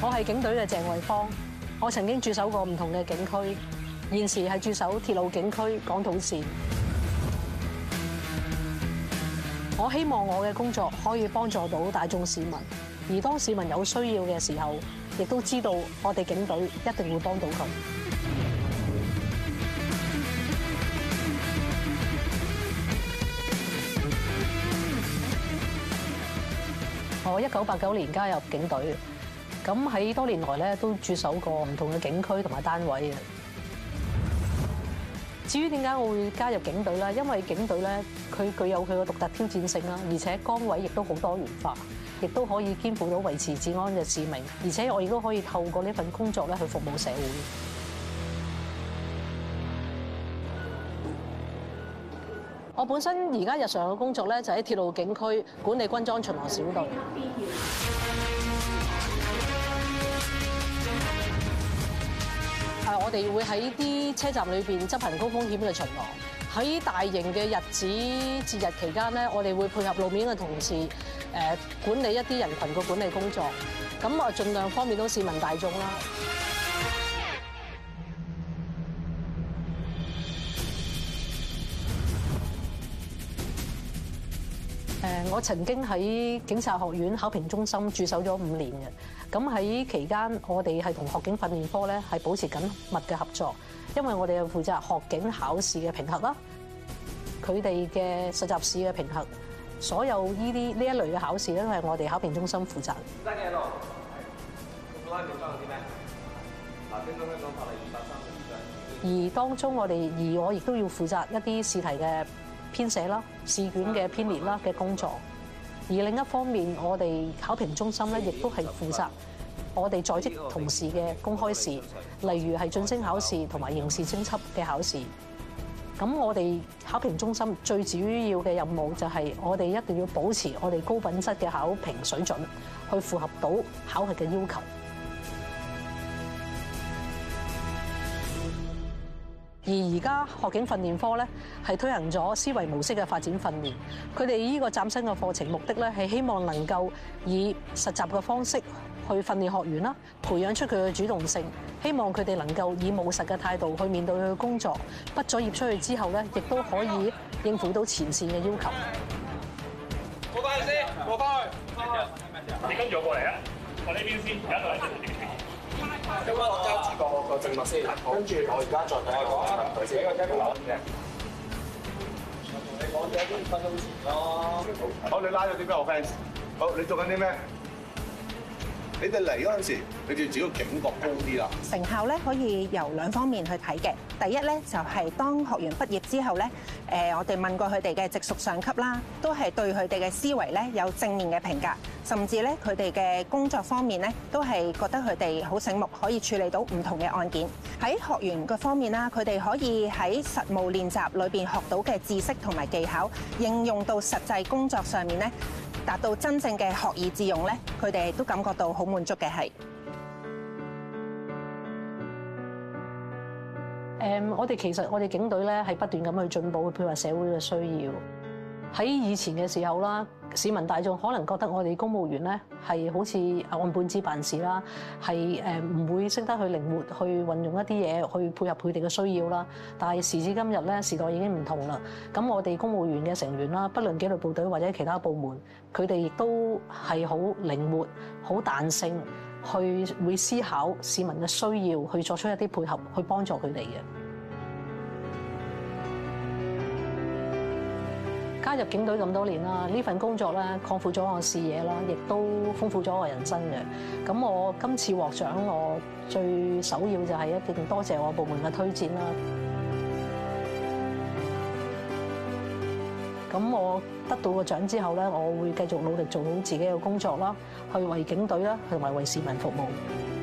我係警隊嘅鄭惠芳，我曾經駐守過唔同嘅警區，現時係駐守鐵路警區港島線。我希望我嘅工作可以幫助到大眾市民，而當市民有需要嘅時候，亦都知道我哋警隊一定會幫到佢。我一九八九年加入警隊。咁喺多年來咧，都駐守過唔同嘅警區同埋單位嘅。至於點解我會加入警隊咧？因為警隊咧，佢具有佢嘅獨特挑戰性啦，而且崗位亦都好多元化，亦都可以兼顧到維持治安嘅使命。而且我亦都可以透過呢份工作咧，去服務社會。我本身而家日常嘅工作咧，就喺鐵路警區管理軍裝巡邏小隊。 我哋會喺啲車站裏面執行高風險嘅巡邏。喺大型嘅日子、節日期間咧，我哋會配合路面嘅同事誒管理一啲人群嘅管理工作。咁我盡量方便到市民大眾啦。誒，我曾經喺警察學院考評中心駐守咗五年嘅。咁喺期間，我哋係同學警訓練科咧係保持緊密嘅合作，因為我哋要負責學警考試嘅評核啦，佢哋嘅實習試嘅評核，所有呢啲呢一類嘅考試咧，都係我哋考評中心負責。而當中我哋而我亦都要負責一啲試題嘅編寫啦、試卷嘅編列啦嘅工作。而另一方面，我哋考評中心咧，亦都係負責我哋在職同事嘅公開試，例如係晉升考試同埋刑事偵緝嘅考試，咁我哋考評中心最主要嘅任務就係我哋一定要保持我哋高品質嘅考評水準去符合到考核嘅要求。而而家學警訓練科咧，係推行咗思維模式嘅發展訓練。佢哋呢個嶄新嘅課程目的咧，係希望能夠以實習嘅方式去訓練學員啦，培養出佢嘅主動性，希望佢哋能夠以務實嘅態度去面對佢嘅工作。畢咗業出去之後咧，亦都可以應付到前線嘅要求。過返去先，過返去，去，去，去，去，去。你跟住我過嚟啊！我呢邊先。咁我交個個證物先，跟住我而家再睇下講嘅。我同你講咗啲分鐘前咯。好，你拉咗啲咩 offence？好，你做緊啲咩？你哋嚟嗰陣時，你哋自己警覺高啲啦。成效咧可以由兩方面去睇嘅。第一咧就係、是、當學員畢業之後咧，誒我哋問過佢哋嘅直屬上級啦，都係對佢哋嘅思維咧有正面嘅評價，甚至咧佢哋嘅工作方面咧都係覺得佢哋好醒目，可以處理到唔同嘅案件。喺學員嘅方面啦，佢哋可以喺實務練習裏邊學到嘅知識同埋技巧，應用到實際工作上面咧。達到真正嘅學以致用咧，佢哋都感覺到好滿足嘅係。誒，我哋其實我哋警隊咧係不斷咁去進步，配合社會嘅需要。喺以前嘅時候啦，市民大眾可能覺得我哋公務員咧係好似按本子辦事啦，係，誒唔會識得去靈活去運用一啲嘢去配合佢哋嘅需要啦。但係時至今日咧，時代已經唔同啦。咁我哋公務員嘅成員啦，不論紀律部隊或者其他部門，佢哋亦都係好靈活、好彈性去會思考市民嘅需要，去作出一啲配合去幫助佢哋嘅。加入警隊咁多年啦，呢份工作咧擴闊咗我視野啦，亦都豐富咗我人生嘅。咁我今次獲獎，我最首要就係一定多謝我部門嘅推薦啦。咁我得到個獎之後咧，我會繼續努力做好自己嘅工作啦，去為警隊啦，去為市民服務。